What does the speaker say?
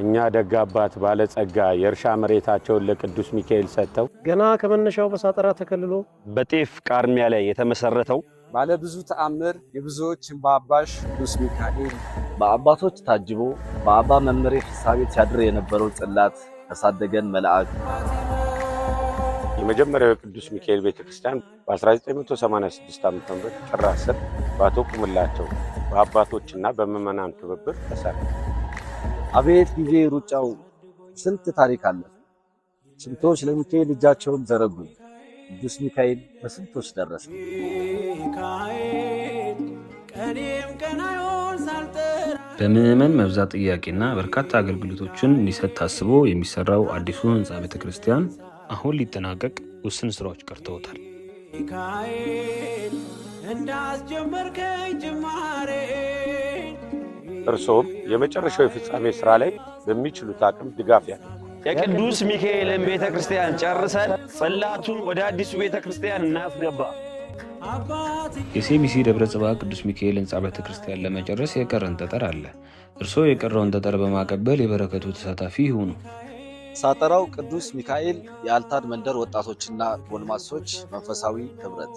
እኛ ደግ አባት ባለጸጋ የእርሻ መሬታቸውን ለቅዱስ ሚካኤል ሰጥተው ገና ከመነሻው በሳጠራ ተከልሎ በጤፍ ቃርሚያ ላይ የተመሰረተው ባለ ብዙ ተአምር የብዙዎች በአባሽ ቅዱስ ሚካኤል በአባቶች ታጅቦ በአባ መምሬ ፍሳቤት ሲያድር የነበረው ጽላት ያሳደገን መልአክ የመጀመሪያው የቅዱስ ሚካኤል ቤተ ክርስቲያን በ1986 ዓ ም ጥር ስር በአቶ ቁምላቸው በአባቶችና በምዕመናን ትብብር ተሰራ። አቤት ጊዜ ሩጫው! ስንት ታሪክ አለ። ስንቶች ለሚካኤል እጃቸውን ዘረጉ። ቅዱስ ሚካኤል በስንቶች ደረሰ። በምዕመን መብዛት ጥያቄና በርካታ አገልግሎቶችን እንዲሰጥ ታስቦ የሚሰራው አዲሱ ህንፃ ቤተክርስቲያን አሁን ሊጠናቀቅ ውስን ስራዎች ቀርተውታል። ሚካኤል እንዳስጀመርከኝ ጅማሬ እርስዎም የመጨረሻው የፍጻሜ ሥራ ላይ በሚችሉት አቅም ድጋፍ ያለ የቅዱስ ሚካኤልን ቤተ ክርስቲያን ጨርሰን ጽላቱን ወደ አዲሱ ቤተ ክርስቲያን እናስገባ። የሴሚሲ ደብረ ጽባ ቅዱስ ሚካኤል ህንፃ ቤተ ክርስቲያን ለመጨረስ የቀረን ጠጠር አለ። እርስዎ የቀረውን ጠጠር በማቀበል የበረከቱ ተሳታፊ ይሁኑ። ሳጠራው ቅዱስ ሚካኤል የአልታድ መንደር ወጣቶችና ጎልማሶች መንፈሳዊ ኅብረት